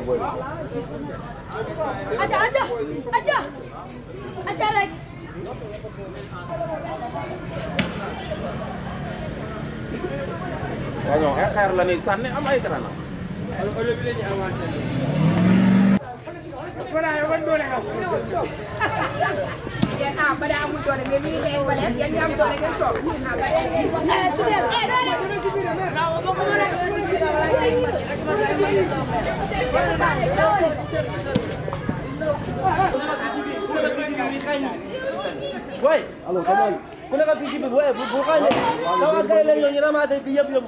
aca aca aca aca rek waaw eh, ñoom ay xeer la ñuy sànni am ay grands. voilà yow ban doole nga am. yéen ah ba daa amul doole mais mi ngi nekk wala yéen ñi am doole ngeen toog. waaye. allo comment. ku nekk fii ci biir waaye bu bu xaajee. waaw waaw kay leen ñoom ñu ramassé fii yëpp yëpp.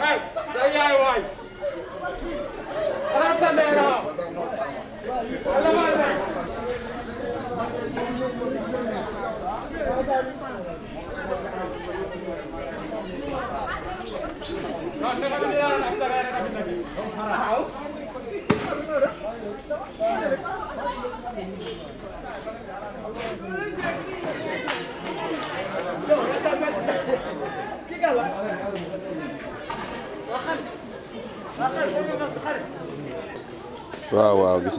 Hey, say yeah, why? Run the man waaw waaw gis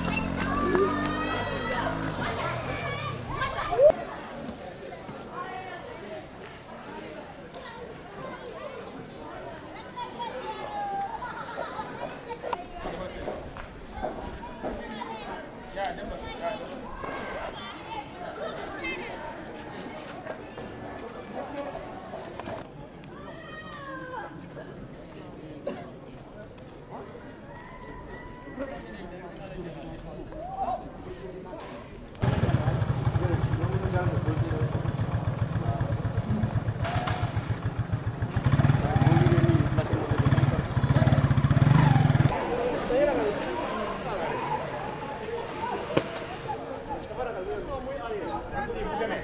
bu demee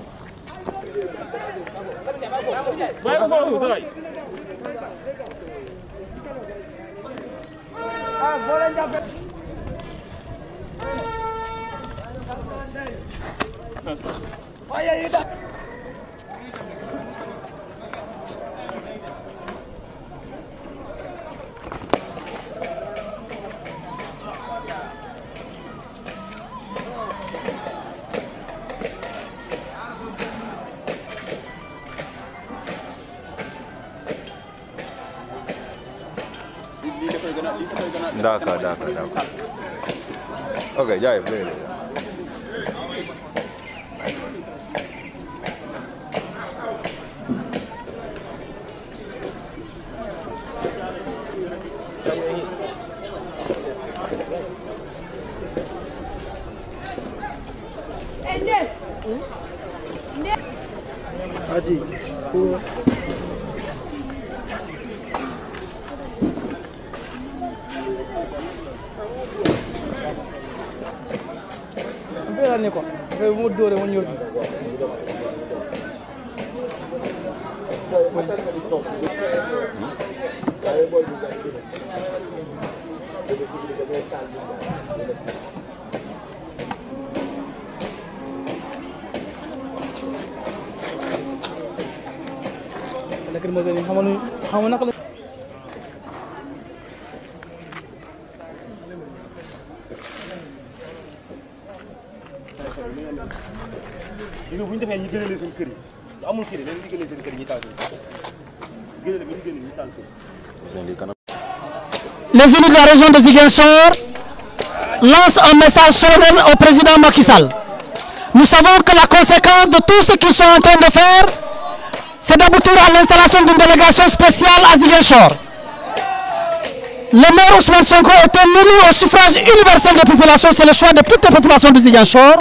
前がファウルさないあボランジャーペ Olha aí, dá. Dakar Dakar Dakar ok jaajëf léegi sànni ko affaire bu ma dóoree ma ñëw lekk di ma seen yi xamal xamal naka la li nga bu ñu ñu gënalee seen Les élus de la région de Ziguinchor lancent un message solennel au président Macky Sall. Nous savons que la conséquence de tout ce qu'ils sont en train de faire, c'est d'aboutir à l'installation d'une délégation spéciale à Ziguinchor. Le maire Ousmane Sonko est élu au suffrage universel des populations, c'est le choix de toutes les populations de Ziguinchor.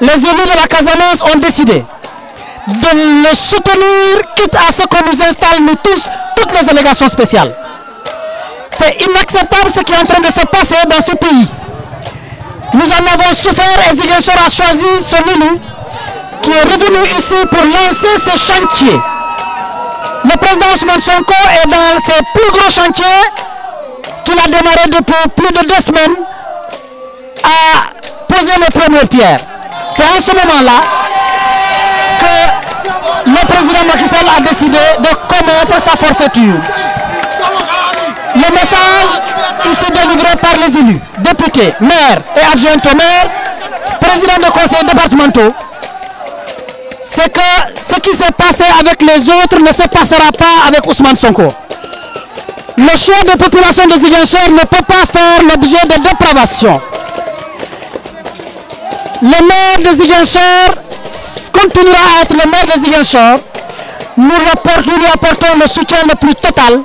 les élus de la Casamance ont décidé de le soutenir, quitte à ce qu'on nous installe, nous toutes les allégations spéciales. C'est inacceptable ce qui est en train de se passer dans ce pays. Nous en avons souffert et Ziguinchor a choisi son élu qui est revenu ici pour lancer ce chantier. Le président Ousmane Sonko est dans ses plus gros chantiers qu'il a démarré depuis plus de deux semaines à poser les premières pierres. C'est en ce moment-là que le président Macky a décidé de commettre sa forfaiture. Le message ici délivré par les élus, députés, maires et adjoints au maire, présidents de conseils départementaux, c'est que ce qui s'est passé avec les autres ne se passera pas avec Ousmane Sonko. Le choix des populations de ne peut pas faire l'objet de dépravation. le maire de Ziguinchor continuera à être le maire de Ziguinchor. Nous, nous lui apportons le soutien le plus total